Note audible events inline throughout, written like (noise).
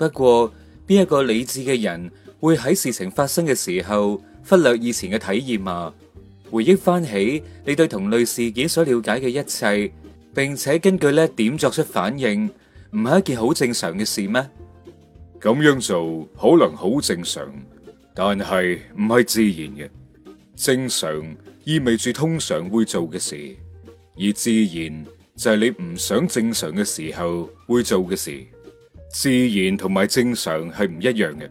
不過，邊一個理智嘅人會喺事情發生嘅時候忽略以前嘅體驗啊？回憶翻起你對同類事件所了解嘅一切，並且根據呢一點作出反應，唔係一件好正常嘅事咩？咁樣做可能好正常，但係唔係自然嘅。正常意味住通常會做嘅事，而自然就係你唔想正常嘅時候會做嘅事。自然同埋正常係唔一樣嘅。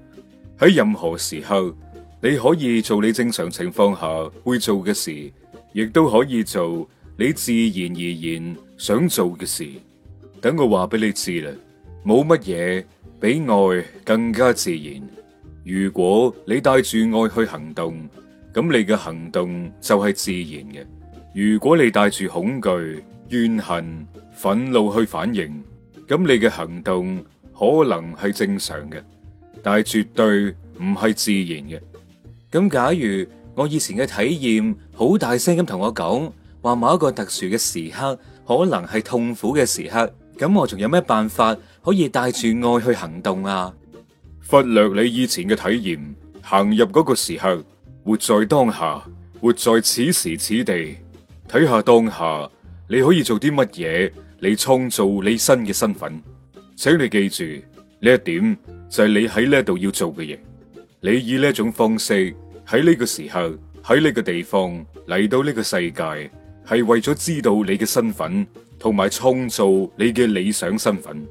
喺任何時候，你可以做你正常情況下會做嘅事，亦都可以做你自然而然想做嘅事。等我話俾你知啦，冇乜嘢比愛更加自然。如果你帶住愛去行動，咁你嘅行動就係自然嘅。如果你帶住恐懼、怨恨、憤怒去反應，咁你嘅行動。可能係正常嘅，但係絕對唔係自然嘅。咁假如我以前嘅體驗好大聲咁同我講話，某一個特殊嘅時刻，可能係痛苦嘅時刻，咁我仲有咩辦法可以帶住愛去行動啊？忽略你以前嘅體驗，行入嗰個時刻，活在當下，活在此時此地，睇下當下，你可以做啲乜嘢嚟創造你新嘅身份。請你記住呢一點，就係你喺呢度要做嘅嘢。你以呢一種方式喺呢個時候、喺呢個地方嚟到呢個世界，係為咗知道你嘅身份同埋創造你嘅理想身份。呢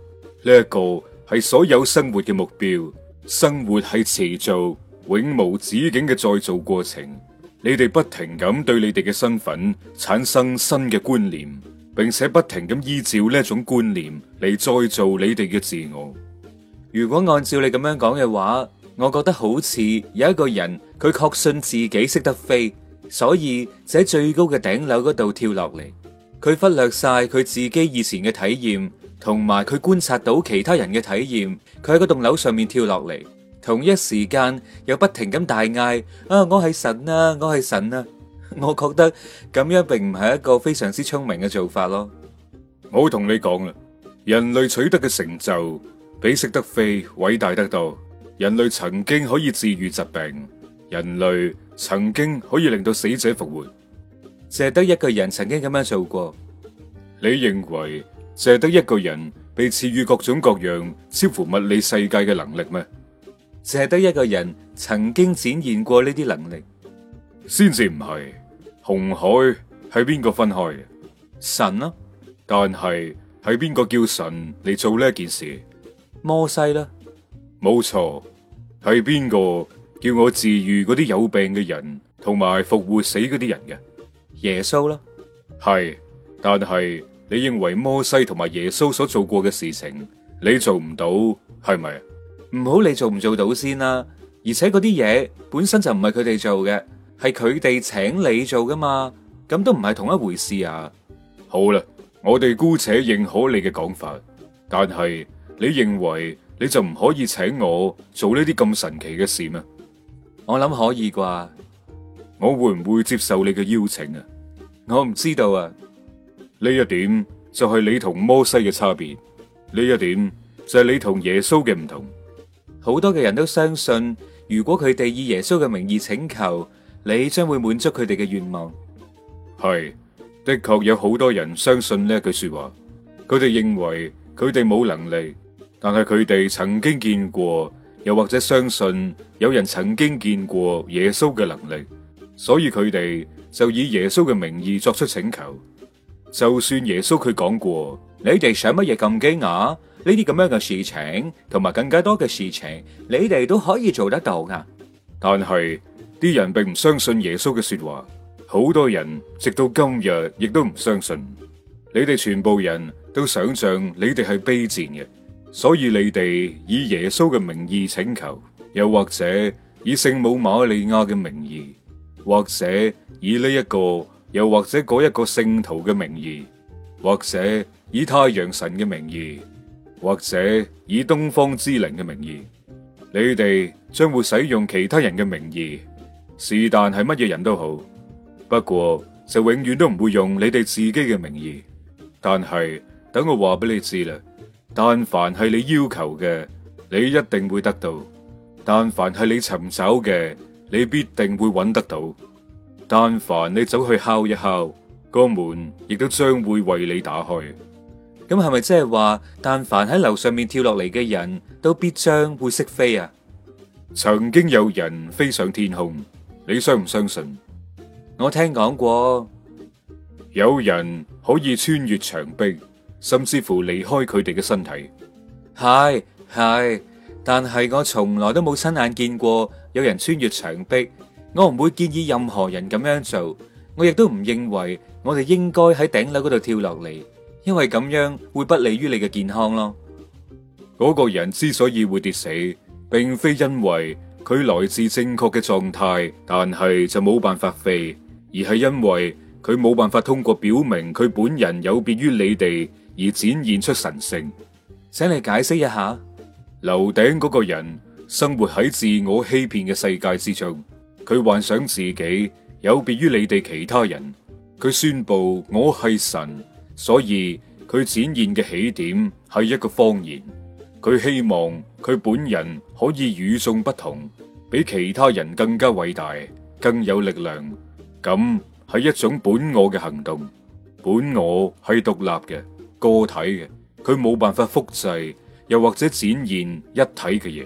一個係所有生活嘅目標。生活係持續永無止境嘅再造過程。你哋不停咁對你哋嘅身份產生新嘅觀念。並且不停咁依照呢一種觀念嚟，再造你哋嘅自我。如果按照你咁樣講嘅話，我覺得好似有一個人，佢確信自己識得飛，所以喺最高嘅頂樓嗰度跳落嚟。佢忽略晒佢自己以前嘅體驗，同埋佢觀察到其他人嘅體驗。佢喺嗰棟樓上面跳落嚟，同一時間又不停咁大嗌：啊，我係神啊，我係神啊！我覺得咁樣並唔係一個非常之聰明嘅做法咯。我同你講啦，人類取得嘅成就比識得飛偉大得多。人類曾經可以治愈疾病，人類曾經可以令到死者復活。借得一個人曾經咁樣做過，你認為借得一個人被賜予各種各樣超乎物理世界嘅能力咩？借得一個人曾經展現過呢啲能力，先至唔係。紅海係邊個分開嘅？神啊？但係係邊個叫神嚟做呢一件事？摩西啦，冇錯，係邊個叫我治愈嗰啲有病嘅人，同埋復活死嗰啲人嘅？耶穌啦，啊。係，但係你認為摩西同埋耶穌所做過嘅事情，你做唔到係咪？唔好理你做唔做到先啦，啊。而且嗰啲嘢本身就唔係佢哋做嘅。係佢哋請你做㗎嘛，咁都唔係同一回事啊。好啦，我哋姑且認可你嘅講法，但係你認為你就唔可以請我做呢啲咁神奇嘅事咩？我諗可以啩。我會唔會接受你嘅邀請啊？我唔知道啊。呢一點就係你同摩西嘅差別，呢一點就係你同耶穌嘅唔同。好多嘅人都相信，如果佢哋以耶穌嘅名義請求。你將會滿足佢哋嘅願望，係，的確有好多人相信呢句說話。佢哋認為佢哋冇能力，但係佢哋曾經見過，又或者相信有人曾經見過耶穌嘅能力，所以佢哋就以耶穌嘅名義作出請求。就算耶穌佢講過，你哋想乜嘢咁驚訝，呢啲咁樣嘅事情，同埋更加多嘅事情，你哋都可以做得到噶。但係，啲人並唔相信耶穌嘅說話，好多人直到今日亦都唔相信。你哋全部人都想象你哋係卑賤嘅，所以你哋以耶穌嘅名義請求，又或者以聖母瑪利亞嘅名義，或者以呢一個，又或者嗰一個聖徒嘅名義，或者以太陽神嘅名義，或者以東方之靈嘅名義，你哋將會使用其他人嘅名義。是但係乜嘢人都好，不過就永遠都唔會用你哋自己嘅名義。但係等我話俾你知啦，但凡係你要求嘅，你一定會得到；但凡係你尋找嘅，你必定會揾得到；但凡你走去敲一敲，個門亦都將會為你打開。咁係咪即係話，但凡喺樓上面跳落嚟嘅人都必將會識飛啊？曾經有人飛上天空。你相唔相信？我聽講過有人可以穿越牆壁，甚至乎離開佢哋嘅身體。係，係，但係我從來都冇親眼見過有人穿越牆壁。我唔會建議任何人咁樣做。我亦都唔認為我哋應該喺頂樓嗰度跳落嚟，因為咁樣會不利於你嘅健康咯。嗰個人之所以會跌死，並非因爲。佢來自正確嘅狀態，但係就冇辦法飛，而係因為佢冇辦法通過表明佢本人有別於你哋而展現出神性。請你解釋一下，樓頂嗰個人生活喺自我欺騙嘅世界之中，佢幻想自己有別於你哋其他人，佢宣布我係神，所以佢展現嘅起點係一個謊言。佢希望佢本人可以與眾不同，比其他人更加偉大，更有力量。咁係一種本我嘅行動。本我係獨立嘅個體嘅，佢冇辦法複製，又或者展現一體嘅嘢。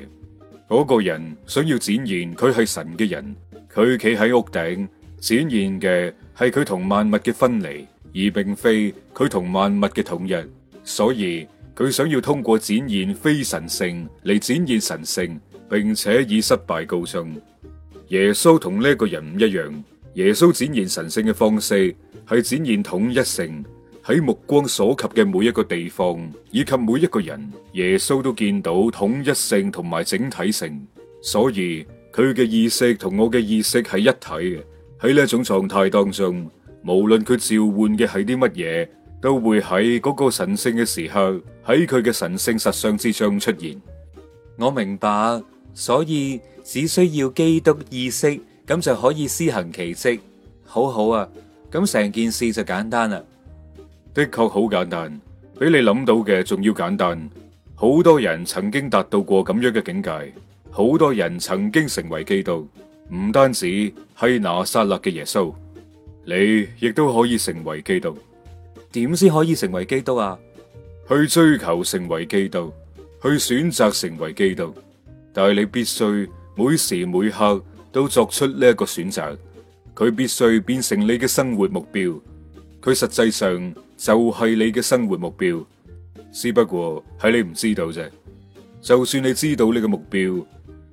嗰個人想要展現佢係神嘅人，佢企喺屋頂展現嘅係佢同萬物嘅分離，而並非佢同萬物嘅統一。所以。佢想要通過展現非神聖嚟展現神聖，並且以失敗告終。耶穌同呢個人唔一樣，耶穌展現神聖嘅方式係展現統一性，喺目光所及嘅每一個地方以及每一個人，耶穌都見到統一性同埋整體性。所以佢嘅意識同我嘅意識係一體嘅。喺呢種狀態當中，無論佢召喚嘅係啲乜嘢，都會喺嗰個神聖嘅時候，喺佢嘅神聖實相之上出現。我明白，所以只需要基督意識，咁就可以施行奇蹟。好好啊，咁成件事就簡單啦。的確好簡單，比你諗到嘅仲要簡單。好多人曾經達到過咁樣嘅境界，好多人曾經成為基督，唔單止係拿撒勒嘅耶穌，你亦都可以成為基督。點先可以成為基督啊？去追求成為基督，去選擇成為基督，但係你必須每時每刻都作出呢個選擇。佢必須變成你嘅生活目標，佢實際上就係你嘅生活目標，只不過係你唔知道啫。就算你知道你嘅目標，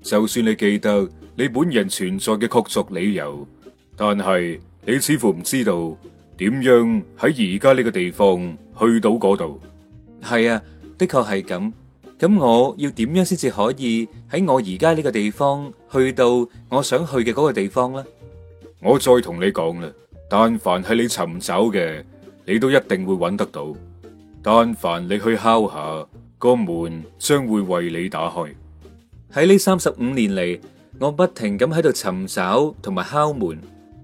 就算你記得你本人存在嘅確鑿理由，但係你似乎唔知道。點樣喺而家呢個地方去到嗰度？係啊，的確係咁。咁我要點樣先至可以喺我而家呢個地方去到我想去嘅嗰個地方呢？我再同你講啦，但凡係你尋找嘅，你都一定會揾得到；但凡你去敲下個門，將會為你打開。喺呢三十五年嚟，我不停咁喺度尋找同埋敲門。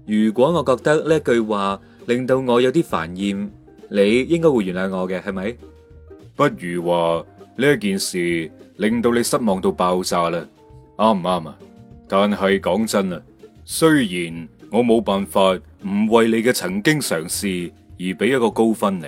如果我覺得呢句話，令到我有啲煩厭，你應該會原諒我嘅，係咪？不如話呢件事令到你失望到爆炸啦，啱唔啱啊？但係講真啊，雖然我冇辦法唔為你嘅曾經嘗試而俾一個高分你，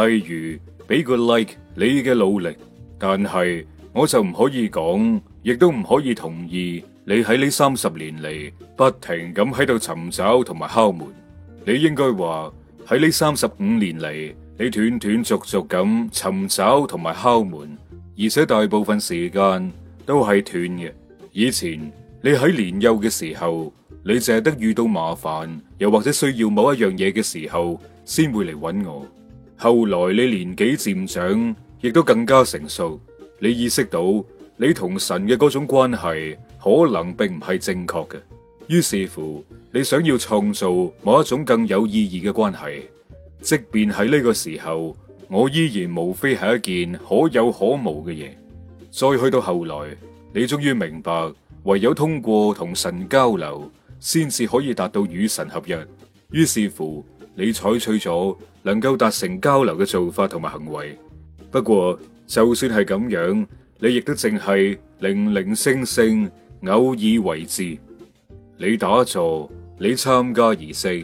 例如俾個 like 你嘅努力，但係我就唔可以講，亦都唔可以同意你喺呢三十年嚟不停咁喺度尋找同埋敲門。你應該話喺呢三十五年嚟，你斷斷續續咁尋找同埋敲門，而且大部分時間都係斷嘅。以前你喺年幼嘅時候，你淨係得遇到麻煩，又或者需要某一樣嘢嘅時候，先會嚟揾我。後來你年紀漸長，亦都更加成熟，你意識到你同神嘅嗰種關係可能並唔係正確嘅。於是乎，你想要創造某一種更有意義嘅關係，即便喺呢個時候，我依然無非係一件可有可無嘅嘢。再去到後來，你終於明白，唯有通過同神交流，先至可以達到與神合一。於是乎，你採取咗能夠達成交流嘅做法同埋行為。不過，就算係咁樣，你亦都淨係零零星星，偶爾為之。你打坐，你參加儀式，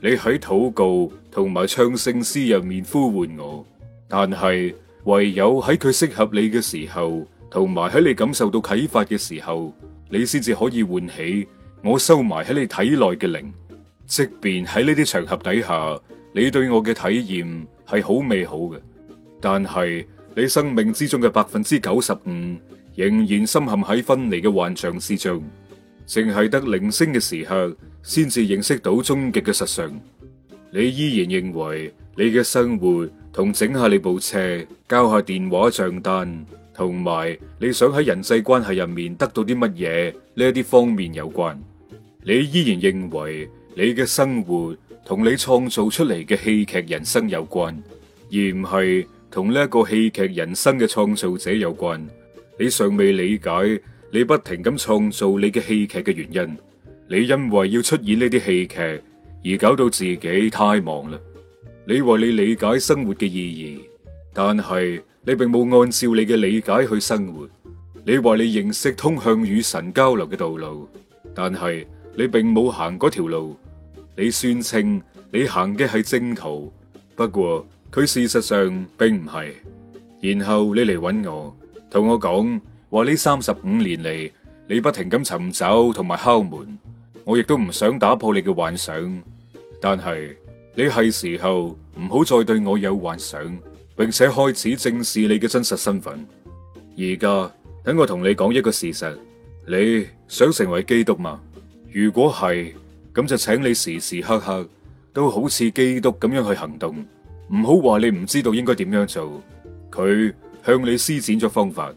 你喺禱告同埋唱聖詩入面呼喚我，但係唯有喺佢適合你嘅時候，同埋喺你感受到啟發嘅時候，你先至可以喚起我收埋喺你體內嘅靈。即便喺呢啲場合底下，你對我嘅體驗係好美好嘅，但係你生命之中嘅百分之九十五仍然深陷喺分離嘅幻象之中。淨係得零星嘅時刻，先至認識到終極嘅實相。你依然認為你嘅生活同整下你部車、交下電話賬單，同埋你想喺人際關係入面得到啲乜嘢呢一啲方面有關。你依然認為你嘅生活同你創造出嚟嘅戲劇人生有關，而唔係同呢一個戲劇人生嘅創造者有關。你尚未理解。你不停咁創造你嘅戲劇嘅原因，你因為要出演呢啲戲劇而搞到自己太忙啦。你話你理解生活嘅意義，但係你並冇按照你嘅理解去生活。你話你認識通向與神交流嘅道路，但係你並冇行嗰條路。你宣稱你行嘅係正途，不過佢事實上並唔係。然後你嚟搵我，同我講。話呢三十五年嚟，你不停咁尋找同埋敲門，我亦都唔想打破你嘅幻想。但係你係時候唔好再對我有幻想，並且開始正視你嘅真實身份。而家等我同你講一個事實：你想成為基督嗎？如果係，咁就請你時時刻刻都好似基督咁樣去行動，唔好話你唔知道應該點樣做。佢向你施展咗方法。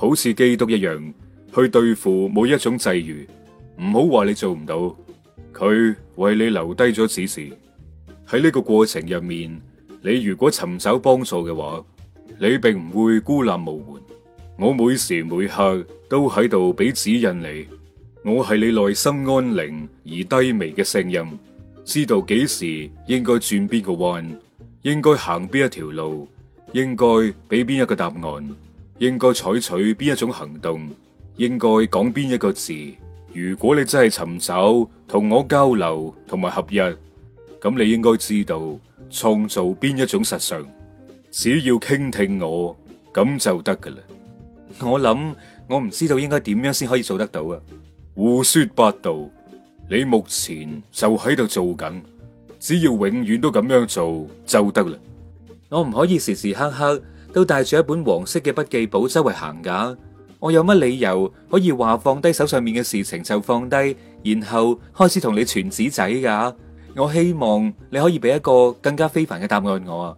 好似基督一樣去對付每一種際遇，唔好話你做唔到，佢為你留低咗指示。喺呢個過程入面，你如果尋找幫助嘅話，你並唔會孤立無援。我每時每刻都喺度俾指引你，我係你內心安寧而低微嘅聲音，知道幾時應該轉邊個彎，應該行邊一條路，應該俾邊一個答案。應該採取邊一種行動，應該講邊一個字。如果你真係尋找同我交流同埋合一，咁你應該知道創造邊一種實相。只要傾聽我，咁就得㗎喇。我諗我唔知道應該點樣先可以做得到啊！胡說八道，你目前就喺度做緊，只要永遠都咁樣做就得啦。我唔可以時時刻刻。都帶住一本黃色嘅筆記簿周圍行㗎，我有乜理由可以話放低手上面嘅事情就放低，然後開始同你傳紙仔噶？我希望你可以俾一個更加非凡嘅答案我啊！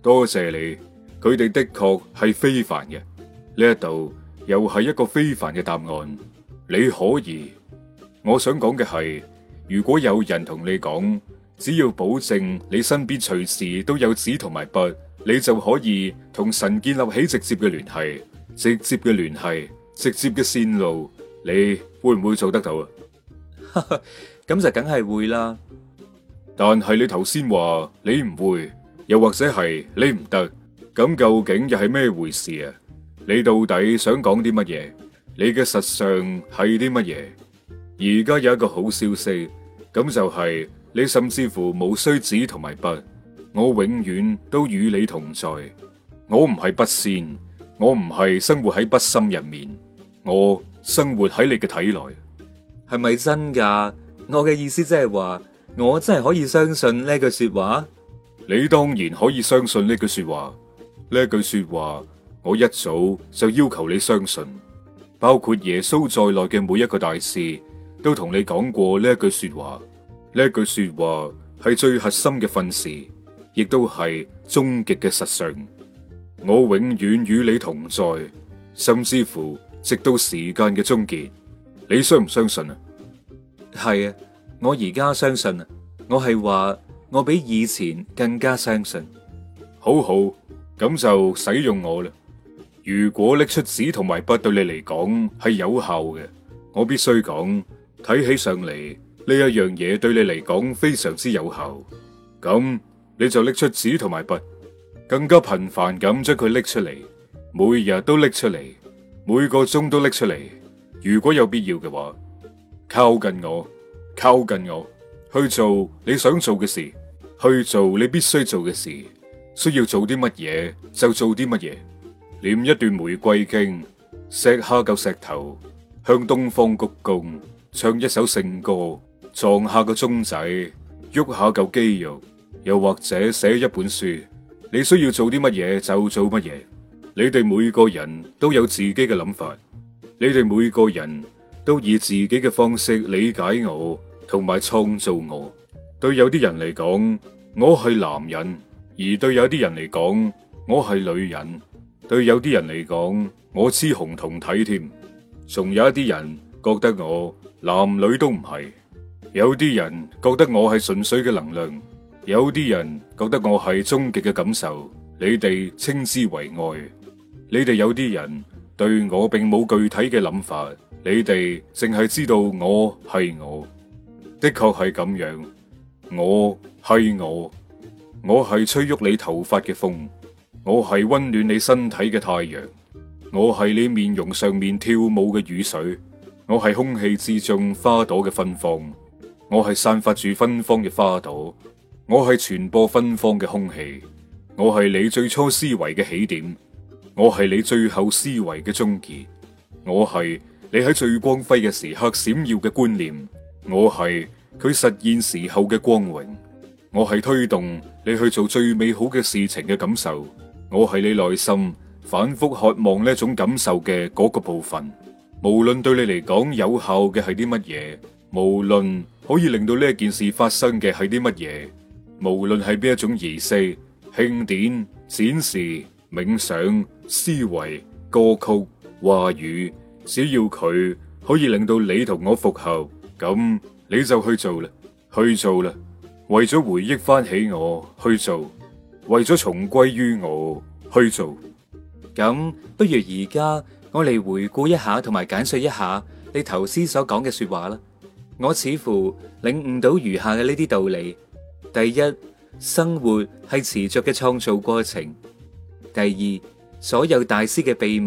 多謝你，佢哋的確係非凡嘅，呢一度又係一個非凡嘅答案。你可以，我想講嘅係，如果有人同你講。只要保證你身邊隨時都有紙同埋筆，你就可以同神建立起直接嘅聯繫，直接嘅聯繫，直接嘅線路，你會唔會做得到啊？咁 (laughs) 就梗係會啦。但係你頭先話你唔會，又或者係你唔得，咁究竟又係咩回事啊？你到底想講啲乜嘢？你嘅實相係啲乜嘢？而家有一個好消息，咁就係、是。你甚至乎無需紙同埋筆，我永遠都與你同在。我唔係筆仙，我唔係生活喺筆芯入面，我生活喺你嘅體內，係咪真噶？我嘅意思即係話，我真係可以相信呢句說話。你當然可以相信呢句說話。呢句說話，我一早就要求你相信，包括耶穌在內嘅每一個大師都同你講過呢句說話。呢句說話係最核心嘅訓示，亦都係終極嘅實相。我永遠與你同在，甚至乎直到時間嘅終結。你相唔相信啊？係啊，我而家相信啊。我係話我比以前更加相信。好好，咁就使用我啦。如果拎出紙同埋筆對你嚟講係有效嘅，我必須講，睇起上嚟。呢一樣嘢對你嚟講非常之有效，咁你就拎出紙同埋筆，更加頻繁咁將佢拎出嚟，每日都拎出嚟，每個鐘都拎出嚟。如果有必要嘅話，靠近我，靠近我，去做你想做嘅事，去做你必須做嘅事，需要做啲乜嘢就做啲乜嘢。念一段玫瑰經，錫吓嚿石頭，向東方鞠躬，唱一首聖歌。撞下個鐘仔，喐下嚿肌肉，又或者寫一本書，你需要做啲乜嘢就做乜嘢。你哋每個人都有自己嘅諗法，你哋每個人都以自己嘅方式理解我，同埋創造我。對有啲人嚟講，我係男人；而對有啲人嚟講，我係女人。對有啲人嚟講，我雌雄同體添。仲有一啲人覺得我男女都唔係。有啲人覺得我係純粹嘅能量，有啲人覺得我係終極嘅感受，你哋稱之為愛。你哋有啲人對我並冇具體嘅諗法，你哋淨係知道我係我。的確係咁樣，我係我，我係吹喐你頭髮嘅風，我係溫暖你身體嘅太陽，我係你面容上面跳舞嘅雨水，我係空氣之中花朵嘅芬芳。我係散發住芬芳嘅花朵，我係傳播芬芳嘅空氣，我係你最初思維嘅起點，我係你最後思維嘅終結，我係你喺最光輝嘅時刻閃耀嘅觀念，我係佢實現時候嘅光榮，我係推動你去做最美好嘅事情嘅感受，我係你內心反覆渴望呢一種感受嘅嗰個部分。無論對你嚟講有效嘅係啲乜嘢，無論。可以令到呢件事發生嘅係啲乜嘢？無論係邊一種儀式、慶典、展示、冥想、思維、歌曲、話語，只要佢可以令到你同我複合，咁你就去做啦，去做啦。為咗回憶翻起我去做，為咗重歸於我去做。咁不如而家我嚟回顧一下，同埋簡述一下你頭先所講嘅說話啦。我似乎領悟到餘下嘅呢啲道理：第一，生活係持續嘅創造過程；第二，所有大師嘅秘密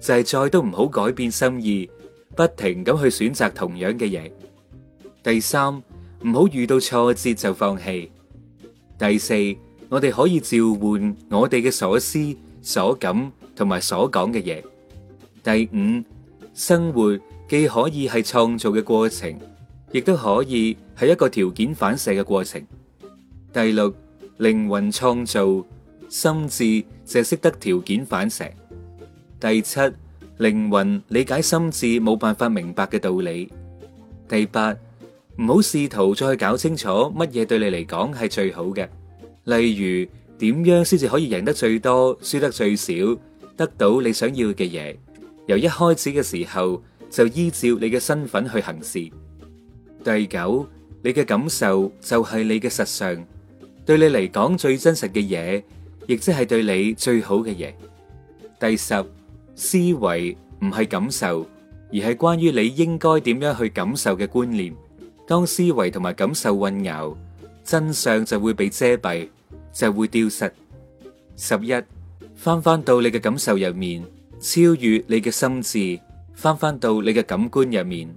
就係再都唔好改變心意，不停咁去選擇同樣嘅嘢；第三，唔好遇到挫折就放棄；第四，我哋可以召喚我哋嘅所思、所感同埋所講嘅嘢；第五，生活既可以係創造嘅過程。亦都可以係一個條件反射嘅過程。第六，靈魂創造心智淨係識得條件反射。第七，靈魂理解心智冇辦法明白嘅道理。第八，唔好試圖再去搞清楚乜嘢對你嚟講係最好嘅。例如點樣先至可以贏得最多、輸得最少、得到你想要嘅嘢。由一開始嘅時候就依照你嘅身份去行事。第九，你嘅感受就係你嘅實相，對你嚟講最真實嘅嘢，亦即係對你最好嘅嘢。第十，思維唔係感受，而係關於你應該點樣去感受嘅觀念。當思維同埋感受混淆，真相就會被遮蔽，就會丟失。十一，返返到你嘅感受入面，超越你嘅心智，返返到你嘅感官入面。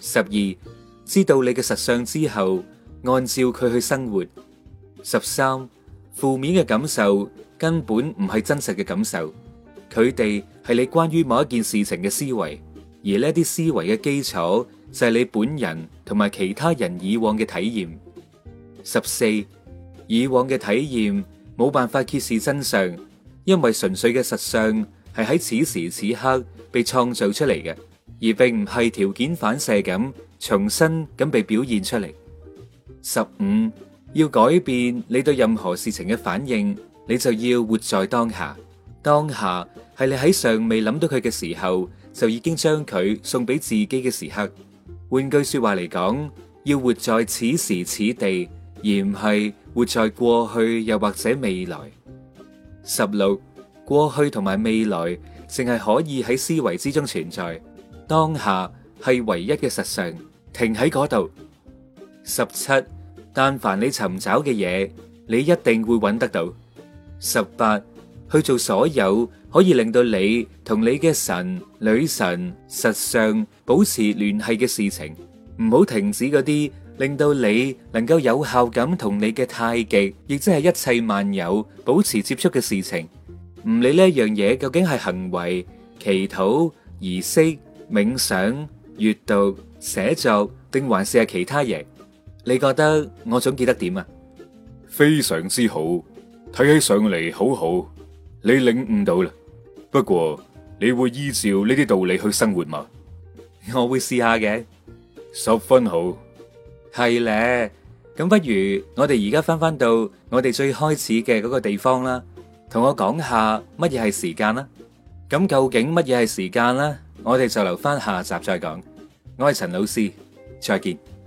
十二。知道你嘅實相之後，按照佢去生活。十三，負面嘅感受根本唔係真實嘅感受，佢哋係你關於某一件事情嘅思維，而呢啲思維嘅基礎就係你本人同埋其他人以往嘅體驗。十四，以往嘅體驗冇辦法揭示真相，因為純粹嘅實相係喺此時此刻被創造出嚟嘅，而並唔係條件反射咁。重新咁被表現出嚟。十五，要改變你對任何事情嘅反應，你就要活在當下。當下係你喺尚未諗到佢嘅時候，就已經將佢送俾自己嘅時刻。換句說話嚟講，要活在此時此地，而唔係活在過去又或者未來。十六，過去同埋未來淨係可以喺思維之中存在，當下係唯一嘅實相。停喺嗰度。十七，但凡你尋找嘅嘢，你一定會揾得到。十八，去做所有可以令到你同你嘅神、女神、實相保持聯繫嘅事情，唔好停止嗰啲令到你能夠有效咁同你嘅太極，亦即係一切萬有保持接觸嘅事情。唔理呢一樣嘢究竟係行為、祈禱、儀式、冥想、閱讀、寫作定還是係其他嘢？你覺得我總記得點啊？非常之好，睇起上嚟好好，你領悟到啦。不過你會依照呢啲道理去生活嘛？我會試下嘅。十分好，係咧。咁不如我哋而家翻翻到我哋最開始嘅嗰個地方啦，同我講下乜嘢係時間啦。咁究竟乜嘢係時間啦？我哋就留翻下集再講。我係陳老師，再見。